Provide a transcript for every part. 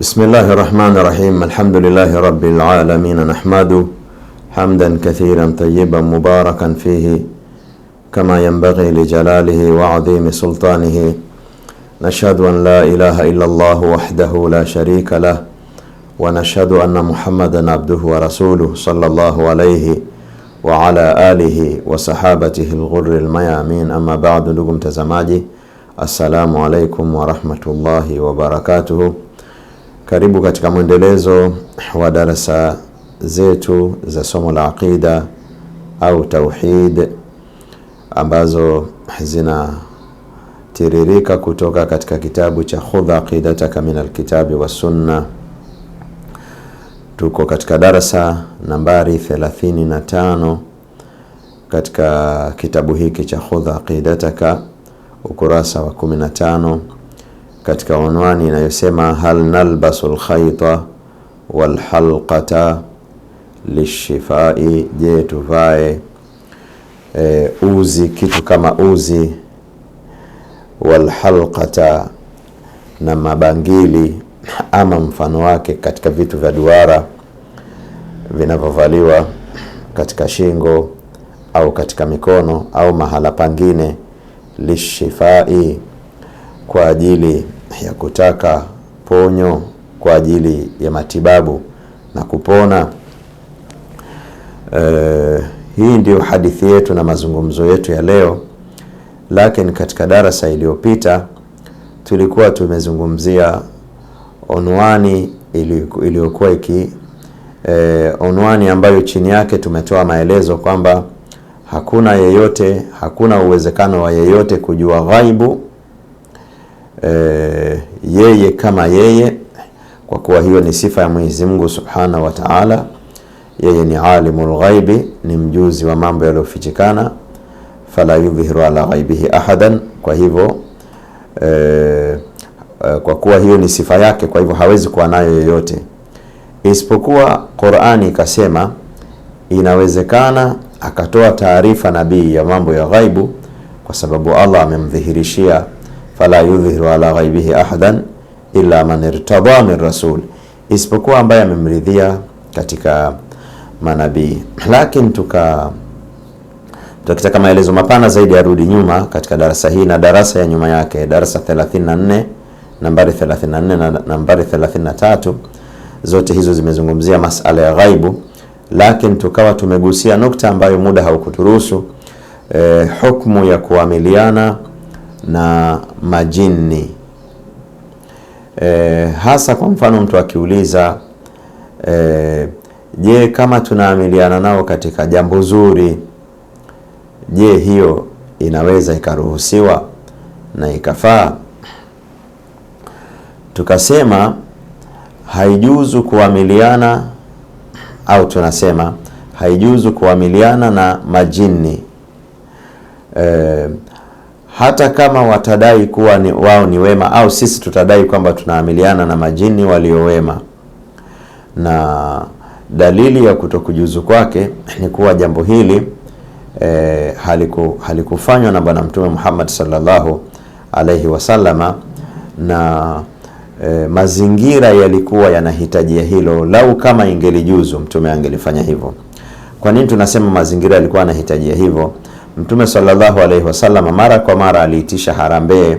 بسم الله الرحمن الرحيم الحمد لله رب العالمين نحمده حمدا كثيرا طيبا مباركا فيه كما ينبغي لجلاله وعظيم سلطانه نشهد ان لا اله الا الله وحده لا شريك له ونشهد ان محمدا عبده ورسوله صلى الله عليه وعلى اله وصحابته الغر الميامين اما بعد لكم تزماجي السلام عليكم ورحمه الله وبركاته Karibu katika mwendelezo wa darasa zetu za somo la aqida au tauhid ambazo zinatiririka kutoka katika kitabu cha khudha aqidataka min alkitabi wassunna. Tuko katika darasa nambari 35 katika kitabu hiki cha khudha aqidataka, ukurasa wa 15 katika unwani inayosema hal nalbasu lkhaita walhalqata lishifai, je, tuvae e, uzi kitu kama uzi walhalqata na mabangili ama mfano wake katika vitu vya duara vinavyovaliwa katika shingo au katika mikono au mahala pangine lishifai kwa ajili ya kutaka ponyo kwa ajili ya matibabu na kupona. Uh, hii ndiyo hadithi yetu na mazungumzo yetu ya leo, lakini katika darasa iliyopita tulikuwa tumezungumzia onwani iliyokuwa iki e, onwani ambayo chini yake tumetoa maelezo kwamba hakuna yeyote, hakuna uwezekano wa yeyote kujua ghaibu e, yeye kama yeye, kwa kuwa hiyo ni sifa ya Mwenyezi Mungu Subhanahu wa Ta'ala. Yeye ni alimul ghaibi, ni mjuzi wa mambo yaliyofichikana. Fala yudhhiru ala ghaibihi ahadan, kwa hivyo e, kwa kuwa hiyo ni sifa yake, kwa hivyo hawezi kuwa nayo yoyote isipokuwa. Qur'ani ikasema inawezekana akatoa taarifa nabii ya mambo ya ghaibu, kwa sababu Allah amemdhihirishia fala yudhhiru ala ghaibihi ahadan illa man irtada min rasul, isipokuwa ambaye amemridhia katika manabii. Lakini tuka tukitaka maelezo mapana zaidi, arudi nyuma katika darasa hii na darasa ya nyuma yake, darasa 34 nambari 34 na nambari 33, zote hizo zimezungumzia masala ya ghaibu, lakini tukawa tumegusia nukta ambayo muda haukuturuhusu, eh, hukumu ya kuamiliana na majini e, hasa kwa mfano mtu akiuliza e, je, kama tunaamiliana nao katika jambo zuri, je, hiyo inaweza ikaruhusiwa na ikafaa? Tukasema haijuzu kuamiliana au tunasema haijuzu kuamiliana na majini e, hata kama watadai kuwa ni, wao ni wema au sisi tutadai kwamba tunaamiliana na majini waliowema. Na dalili ya kutokujuzu kwake ni kuwa jambo hili e, haliku, halikufanywa na Bwana Mtume Muhammad sallallahu alaihi wasallama na e, mazingira yalikuwa yanahitajia hilo. Lau kama ingelijuzu Mtume angelifanya hivyo. Kwa nini tunasema mazingira yalikuwa yanahitajia hivyo? Mtume sallallahu alaihi wasallam mara kwa mara aliitisha harambee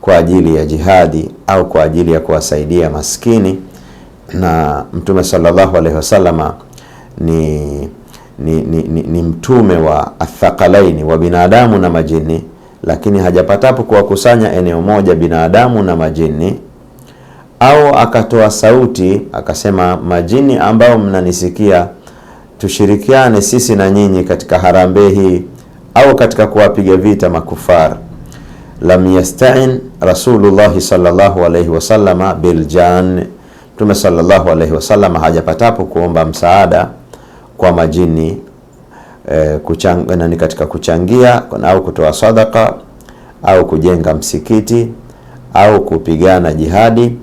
kwa ajili ya jihadi au kwa ajili ya kuwasaidia maskini, na Mtume sallallahu alaihi wasallam ni, ni, ni, ni, ni mtume wa athakalaini wa binadamu na majini, lakini hajapatapo kuwakusanya eneo moja binadamu na majini au akatoa sauti akasema, majini ambao mnanisikia, tushirikiane sisi na nyinyi katika harambee hii au katika kuwapiga vita makufar. Lam yastain Rasulullahi sallallahu alayhi wasallama biljan, Mtume sallallahu alayhi wasallam hajapatapo kuomba msaada kwa majini e, nani katika kuchangia au kutoa sadaka au kujenga msikiti au kupigana jihadi,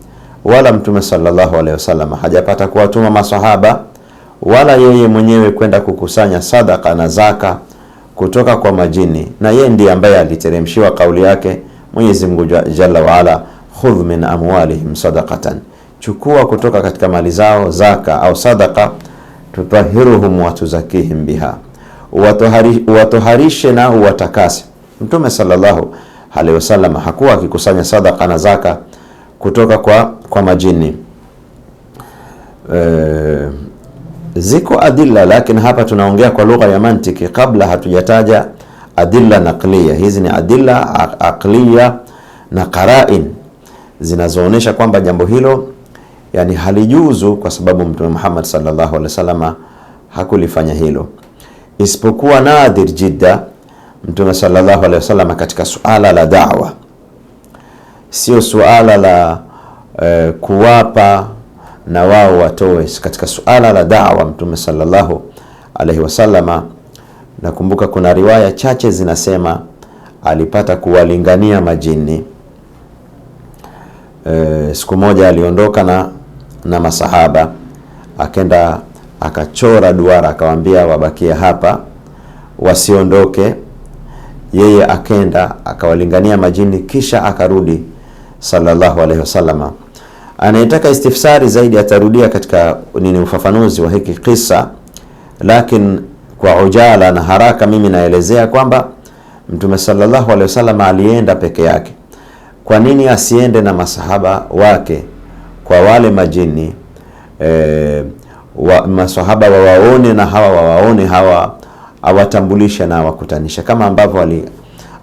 wala Mtume sallallahu alayhi wasallam hajapata kuwatuma masahaba wala yeye mwenyewe kwenda kukusanya sadaka na zaka kutoka kwa majini, na yeye ndiye ambaye aliteremshiwa kauli yake Mwenyezi Mungu Jalla waala, khudh min amwalihim sadaqatan, chukua kutoka katika mali zao zaka au sadaqa, tutahiruhum watuzakihim biha, uwatoharishe na uwatakase. Mtume sallallahu alaihi wasallam hakuwa akikusanya sadaqa na zaka kutoka kwa, kwa majini ee, Ziko adilla, lakini hapa tunaongea kwa lugha ya mantiki, kabla hatujataja adilla naqliya. Hizi ni adilla aqliya na qarain zinazoonyesha kwamba jambo hilo yani halijuzu, kwa sababu Mtume Muhammad sallallahu alaihi wasallam hakulifanya hilo, isipokuwa nadhir jidda. Mtume sallallahu alaihi wasallam katika suala la da'wa, sio suala la eh, kuwapa na wao watoe katika suala la da'wa Mtume sallallahu alaihi wasallama. Nakumbuka kuna riwaya chache zinasema alipata kuwalingania majini. E, siku moja aliondoka na, na masahaba akenda akachora duara akawaambia wabakie hapa wasiondoke. Yeye akenda akawalingania majini kisha akarudi sallallahu alaihi wasallama. Anayetaka istifsari zaidi atarudia katika nini ufafanuzi wa hiki kisa, lakini kwa ujala na haraka mimi naelezea kwamba Mtume sallallahu alaihi wasallam alienda peke yake. Kwa nini asiende na masahaba wake kwa wale majini e, wa, masahaba wawaone na hawa wawaone hawa awatambulishe na awakutanishe kama ambavyo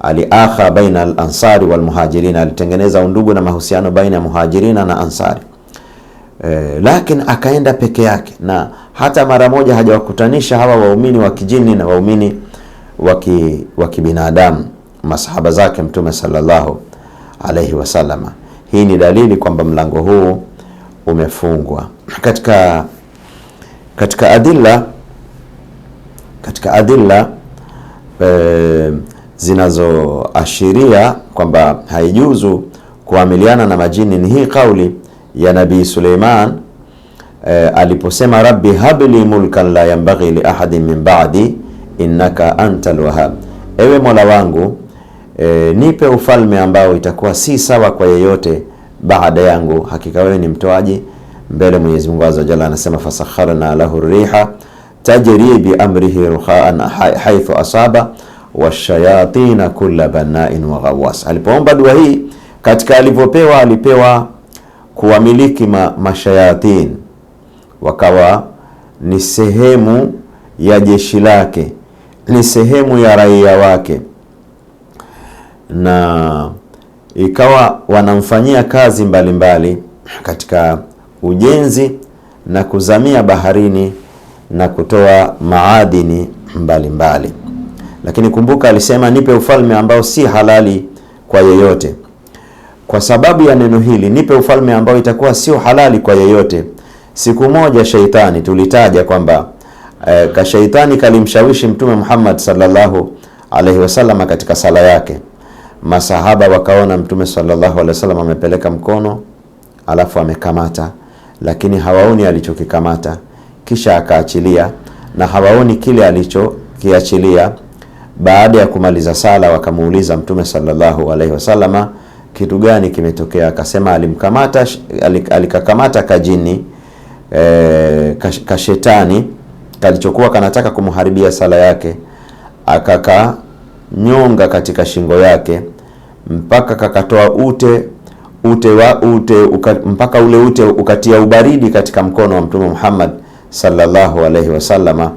aliakha baina alansari walmuhajirina wal alitengeneza undugu na mahusiano baina ya muhajirina na ansari e, lakini akaenda peke yake na hata mara moja hajawakutanisha hawa waumini wa kijini na waumini wa kibinadamu masahaba zake Mtume sallallahu alaihi wasalama. Hii ni dalili kwamba mlango huu umefungwa. Katika katika adilla katika adilla e, zinazoashiria kwamba haijuzu kuamiliana na majini ni hii kauli ya Nabii Suleiman eh, aliposema rabbi habli mulkan la yanbaghi li ahadin min ba'di innaka antal wahhab, ewe Mola wangu eh, nipe ufalme ambao itakuwa si sawa kwa yeyote baada yangu, hakika wewe ni mtoaji mbele. Mwenyezi Mungu azza jalla anasema fasakharna lahu riha tajri bi amrihi ruhaan haithu asaba washayatina kulla banain wa ghawas. Alipoomba dua hii katika alivyopewa, alipewa kuwamiliki ma, mashayatin wakawa ni sehemu ya jeshi lake, ni sehemu ya raia wake, na ikawa wanamfanyia kazi mbalimbali mbali katika ujenzi na kuzamia baharini na kutoa maadini mbalimbali mbali. Lakini kumbuka alisema nipe ufalme ambao si halali kwa yeyote. Kwa sababu ya neno hili nipe ufalme ambao itakuwa sio halali kwa yeyote. Siku moja sheitani tulitaja kwamba e, ka sheitani kalimshawishi Mtume Muhammad sallallahu alaihi wasallam katika sala yake. Masahaba wakaona Mtume sallallahu alaihi wasallam amepeleka mkono alafu amekamata, lakini hawaoni alichokikamata, kisha akaachilia, na hawaoni kile alichokiachilia baada ya kumaliza sala, wakamuuliza Mtume sallallahu alaihi wasallama kitu gani kimetokea? Akasema alimkamata alikakamata kajini e, kashetani kalichokuwa kanataka kumharibia sala yake, akakanyonga katika shingo yake mpaka kakatoa ute ute wa ute uka, mpaka ule ute ukatia ubaridi katika mkono wa Mtume Muhammad sallallahu alaihi wasallama.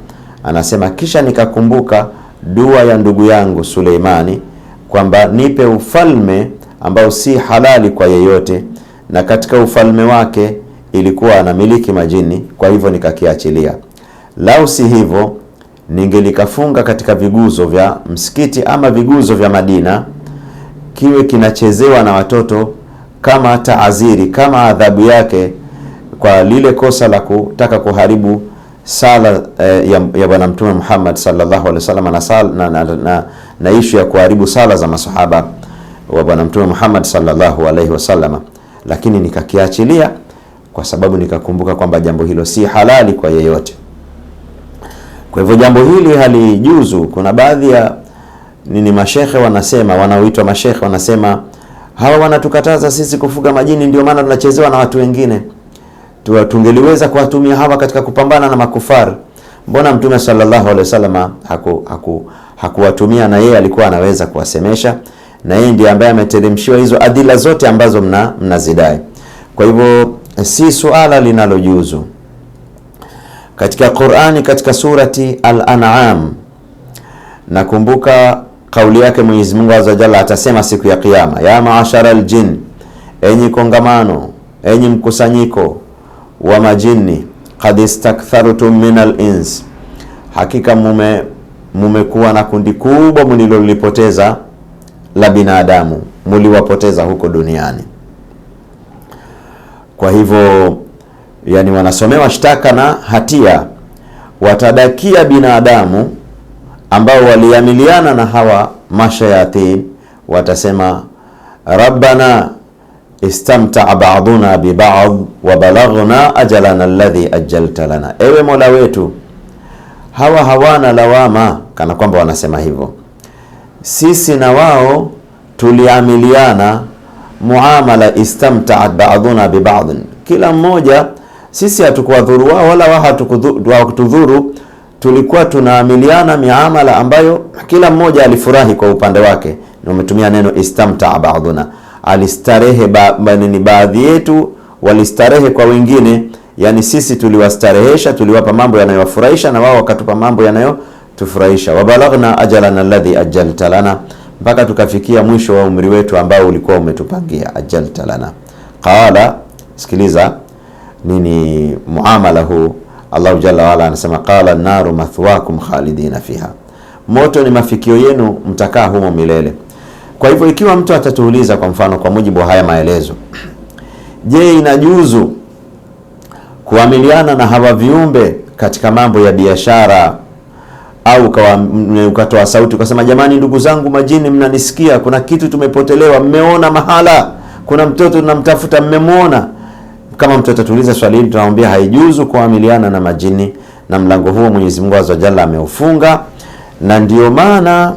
Anasema kisha nikakumbuka dua ya ndugu yangu Suleimani kwamba nipe ufalme ambao si halali kwa yeyote, na katika ufalme wake ilikuwa anamiliki majini, kwa hivyo nikakiachilia. Lau si hivyo, ningelikafunga katika viguzo vya msikiti ama viguzo vya Madina, kiwe kinachezewa na watoto kama taaziri, kama adhabu yake kwa lile kosa la kutaka kuharibu sala eh, ya, ya Bwana Mtume Muhammad sallallahu alaihi wasallam na, na, na, na, na ishu ya kuharibu sala za masahaba wa Bwana Mtume Muhammad sallallahu alaihi wasallam, lakini nikakiachilia kwa sababu nikakumbuka kwamba jambo hilo si halali kwa yeyote. Kwa hivyo jambo hili halijuzu. Kuna baadhi ya nini mashekhe wanasema, wanaoitwa mashekhe wanasema hawa wanatukataza sisi kufuga majini, ndio maana tunachezewa na watu wengine tungeliweza kuwatumia hawa katika kupambana na makufari, mbona Mtume sallallahu alaihi wasallam haku hakuwatumia haku? Na yeye alikuwa anaweza kuwasemesha, na yeye ndiye ambaye ameteremshiwa hizo adila zote ambazo mna mnazidai. Kwa hivyo si suala linalojuzu katika Qur'ani, katika surati Al-An'am nakumbuka kauli yake Mwenyezi Mungu azza jalla atasema siku ya Kiyama, ya maashara al-jin enyi kongamano, enyi mkusanyiko wa majini qad istakthartum min al-ins, hakika mume mumekuwa na kundi kubwa mlilolipoteza la binadamu, muliwapoteza huko duniani. Kwa hivyo, yani wanasomewa shtaka na hatia, watadakia binadamu ambao waliamiliana na hawa mashayatin, watasema rabbana istamtaa baduna bibad wabalaghna ajalana alladhi ajalta lana, ewe Mola wetu, hawa hawana lawama, kana kwamba wanasema hivyo. Sisi na wao tuliamiliana muamala, istamtaa baduna bibadin, kila mmoja sisi hatukuwadhuru wao wala wao hatukutudhuru. Tulikuwa tunaamiliana miamala ambayo kila mmoja alifurahi kwa upande wake, na umetumia neno istamtaa baduna alistarehe ba, ni baadhi yetu walistarehe kwa wengine, yani sisi tuliwastarehesha, tuliwapa mambo yanayowafurahisha na wao wakatupa mambo yanayotufurahisha. Wabalaghna ajalana alladhi ajalta lana, mpaka tukafikia mwisho wa umri wetu ambao ulikuwa umetupangia. Ajalta lana qala, sikiliza nini muamala huu. Allahu jalla waala anasema qala naru mathwakum khalidina fiha, moto ni mafikio yenu, mtakaa humo milele. Kwa hivyo ikiwa mtu atatuuliza kwa mfano, kwa mujibu wa haya maelezo, je, inajuzu kuamiliana na hawa viumbe katika mambo ya biashara au ukatoa sauti ukasema, jamani, ndugu zangu majini, mnanisikia? Kuna kitu tumepotelewa, mmeona mahala kuna mtoto tunamtafuta, mmemwona? Kama mtu atatuuliza swali hili, tunamwambia haijuzu kuamiliana na majini, na mlango huo Mwenyezi Mungu azza jalla ameufunga, na ndio maana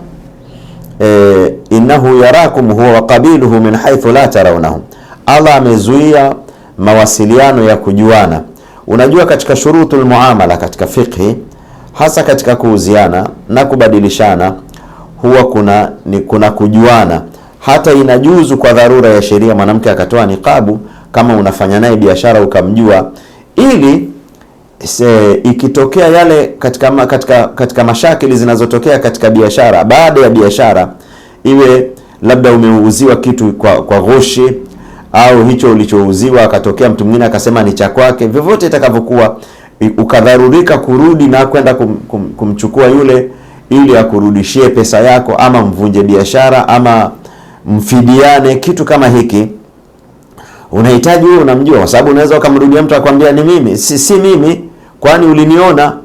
e, innahu yarakum huwa wa min haithu la tarawnahum, Allah amezuia mawasiliano ya kujuana. Unajua, katika shurutul muamala katika fiqhi, hasa katika kuuziana na kubadilishana, huwa kuna ni kuna kujuana. Hata inajuzu kwa dharura ya sheria mwanamke akatoa niqabu kama unafanya naye biashara ukamjua, ili se, ikitokea yale katika, katika, katika mashakili zinazotokea katika biashara baada ya biashara iwe labda umeuziwa kitu kwa, kwa ghoshi au hicho ulichouziwa akatokea mtu mwingine akasema ni cha kwake, vyovyote itakavyokuwa, ukadharurika kurudi na kwenda kum, kum, kumchukua yule ili akurudishie pesa yako, ama mvunje biashara ama mfidiane, kitu kama hiki unahitaji wewe, unamjua, kwa sababu unaweza ukamrudia mtu akwambia ni mimi, si, si mimi, kwani uliniona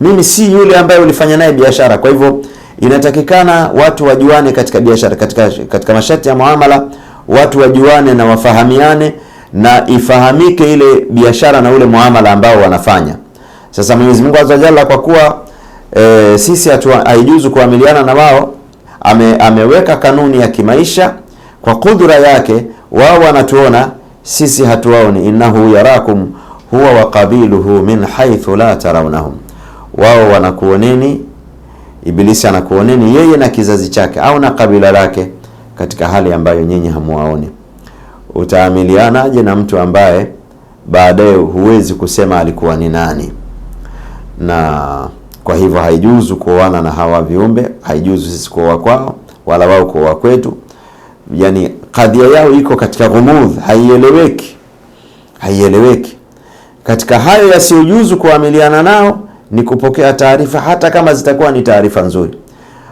mimi? Si yule ambaye ulifanya naye biashara. Kwa hivyo inatakikana watu wajuane katika biashara, katika, katika masharti ya muamala watu wajuane na wafahamiane na ifahamike ile biashara na ule muamala ambao wanafanya. Sasa Mwenyezi Mungu Azza kwa kuwa e, sisi haijuzu kuamiliana na wao, ame, ameweka kanuni ya kimaisha kwa kudura yake. Wao wanatuona sisi hatuwaoni, innahu yarakum huwa wa qabiluhu min haythu la tarawnahum, wao wanakuoneni Ibilisi anakuoneni yeye na kizazi chake au na kabila lake katika hali ambayo nyinyi hamuwaoni. Utaamilianaje na mtu ambaye baadaye huwezi kusema alikuwa ni nani? Na kwa hivyo haijuzu kuoana na hawa viumbe, haijuzu sisi kuoa kwao wala wao kuoa kwetu. Yani kadhia yao iko katika ghumudh, haieleweki, haieleweki. Katika hayo yasiyojuzu kuamiliana nao ni kupokea taarifa, hata kama zitakuwa ni taarifa nzuri.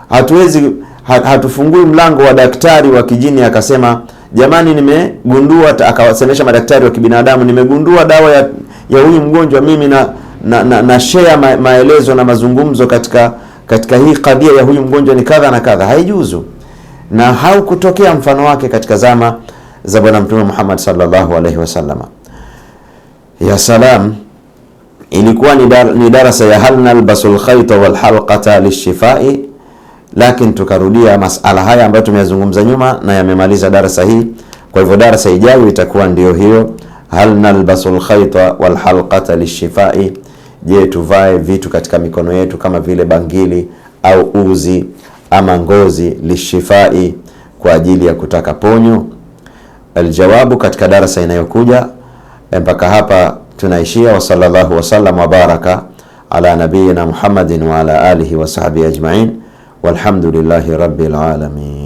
Hatuwezi hatufungui mlango wa daktari wa kijini akasema, jamani, nimegundua, akawasemesha madaktari wa kibinadamu, nimegundua dawa ya ya huyu mgonjwa, mimi na na, na, na share ma, maelezo na mazungumzo katika katika hii kadhia ya huyu mgonjwa ni kadha na kadha. Haijuzu na haukutokea mfano wake katika zama za Bwana Mtume Muhammad sallallahu alaihi wasallam. Ya salam ilikuwa ni, dar, ni darasa ya hal nalbasu lkhaita walhalqata lishifai, lakini tukarudia masala haya ambayo tumeyazungumza nyuma na yamemaliza darasa hii. Kwa hivyo darasa ijayo itakuwa ndio hiyo, hal nalbasu lkhaita walhalqata lishifai. Je, tuvae vitu katika mikono yetu kama vile bangili au uzi ama ngozi, lishifai, kwa ajili ya kutaka ponyo. Aljawabu katika darasa inayokuja e, mpaka hapa. tunaishia. Wasallallahu wasallam wabaraka ala nabiyina Muhammadin wa ala alihi wa sahbihi ajmain walhamdulillahi rabbil alamin.